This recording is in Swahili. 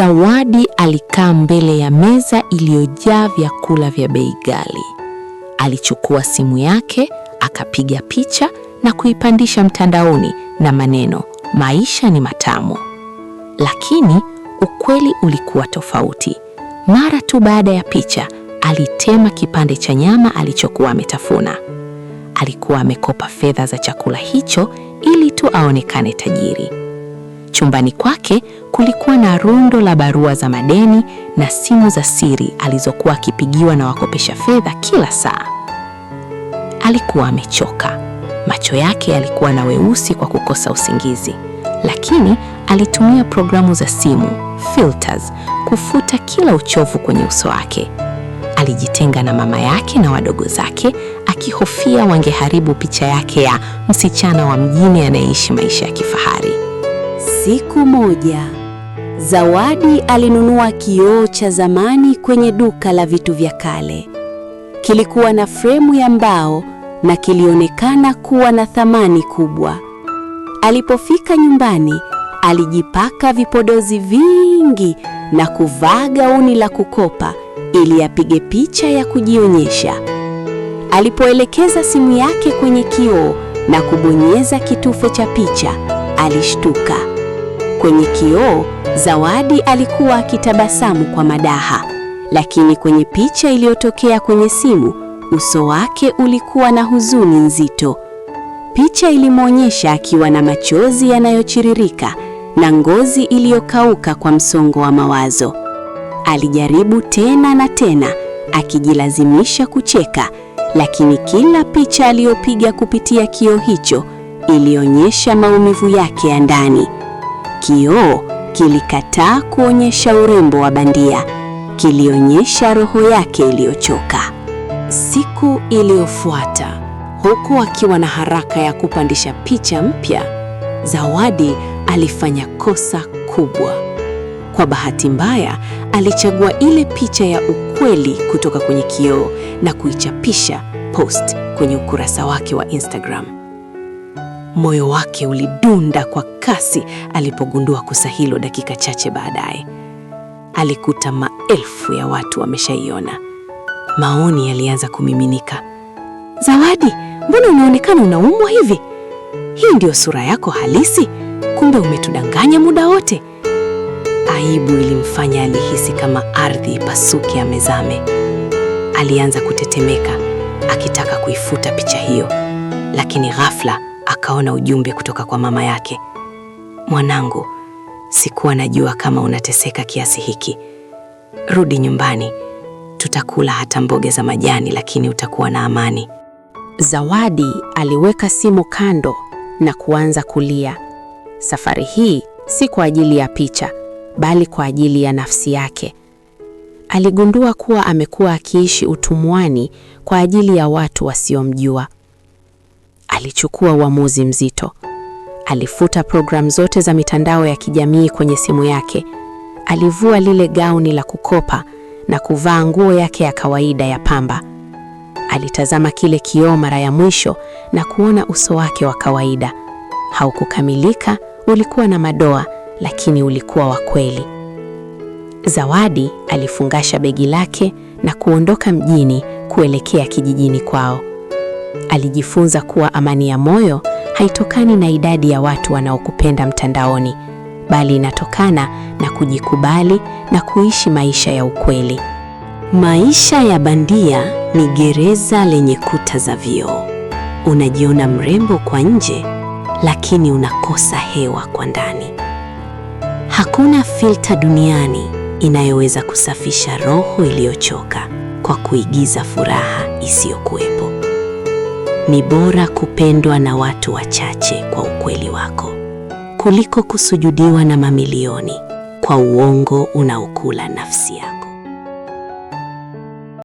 Zawadi alikaa mbele ya meza iliyojaa vyakula vya bei ghali. Alichukua simu yake akapiga picha na kuipandisha mtandaoni na maneno maisha ni matamu. Lakini ukweli ulikuwa tofauti. Mara tu baada ya picha, alitema kipande cha nyama alichokuwa ametafuna. Alikuwa amekopa fedha za chakula hicho ili tu aonekane tajiri. Chumbani kwake kulikuwa na rundo la barua za madeni na simu za siri alizokuwa akipigiwa na wakopesha fedha kila saa. Alikuwa amechoka, macho yake yalikuwa na weusi kwa kukosa usingizi, lakini alitumia programu za simu filters kufuta kila uchovu kwenye uso wake. Alijitenga na mama yake na wadogo zake, akihofia wangeharibu picha yake ya msichana wa mjini anayeishi maisha ya kifahari. Siku moja Zawadi alinunua kioo cha zamani kwenye duka la vitu vya kale. Kilikuwa na fremu ya mbao na kilionekana kuwa na thamani kubwa. Alipofika nyumbani, alijipaka vipodozi vingi na kuvaa gauni la kukopa ili apige picha ya kujionyesha. Alipoelekeza simu yake kwenye kioo na kubonyeza kitufe cha picha, alishtuka. Kwenye kioo, Zawadi alikuwa akitabasamu kwa madaha, lakini kwenye picha iliyotokea kwenye simu, uso wake ulikuwa na huzuni nzito. Picha ilimwonyesha akiwa na machozi yanayochiririka na ngozi iliyokauka kwa msongo wa mawazo. Alijaribu tena na tena, akijilazimisha kucheka, lakini kila picha aliyopiga kupitia kioo hicho ilionyesha maumivu yake ya ndani. Kioo kilikataa kuonyesha urembo wa bandia, kilionyesha roho yake iliyochoka. Siku iliyofuata, huku akiwa na haraka ya kupandisha picha mpya, Zawadi alifanya kosa kubwa. Kwa bahati mbaya, alichagua ile picha ya ukweli kutoka kwenye kioo na kuichapisha post kwenye ukurasa wake wa Instagram. Moyo wake ulidunda kwa kasi alipogundua kosa hilo dakika chache baadaye. Alikuta maelfu ya watu wameshaiona. Maoni yalianza kumiminika. Zawadi, mbona unaonekana unaumwa hivi? Hii ndiyo sura yako halisi? Kumbe umetudanganya muda wote. Aibu ilimfanya alihisi kama ardhi ipasuke amezame. Alianza kutetemeka akitaka kuifuta picha hiyo, lakini ghafla akaona ujumbe kutoka kwa mama yake: mwanangu, sikuwa najua kama unateseka kiasi hiki. Rudi nyumbani, tutakula hata mboga za majani, lakini utakuwa na amani. Zawadi aliweka simu kando na kuanza kulia. Safari hii si kwa ajili ya picha, bali kwa ajili ya nafsi yake. Aligundua kuwa amekuwa akiishi utumwani kwa ajili ya watu wasiomjua alichukua uamuzi mzito. Alifuta programu zote za mitandao ya kijamii kwenye simu yake. Alivua lile gauni la kukopa na kuvaa nguo yake ya kawaida ya pamba. Alitazama kile kioo mara ya mwisho na kuona uso wake wa kawaida. Haukukamilika, ulikuwa na madoa, lakini ulikuwa wa kweli. Zawadi alifungasha begi lake na kuondoka mjini kuelekea kijijini kwao alijifunza kuwa amani ya moyo haitokani na idadi ya watu wanaokupenda mtandaoni, bali inatokana na kujikubali na kuishi maisha ya ukweli. Maisha ya bandia ni gereza lenye kuta za vioo. Unajiona mrembo kwa nje, lakini unakosa hewa kwa ndani. Hakuna filta duniani inayoweza kusafisha roho iliyochoka kwa kuigiza furaha isiyokuwepo. Ni bora kupendwa na watu wachache kwa ukweli wako kuliko kusujudiwa na mamilioni kwa uongo unaokula nafsi yako.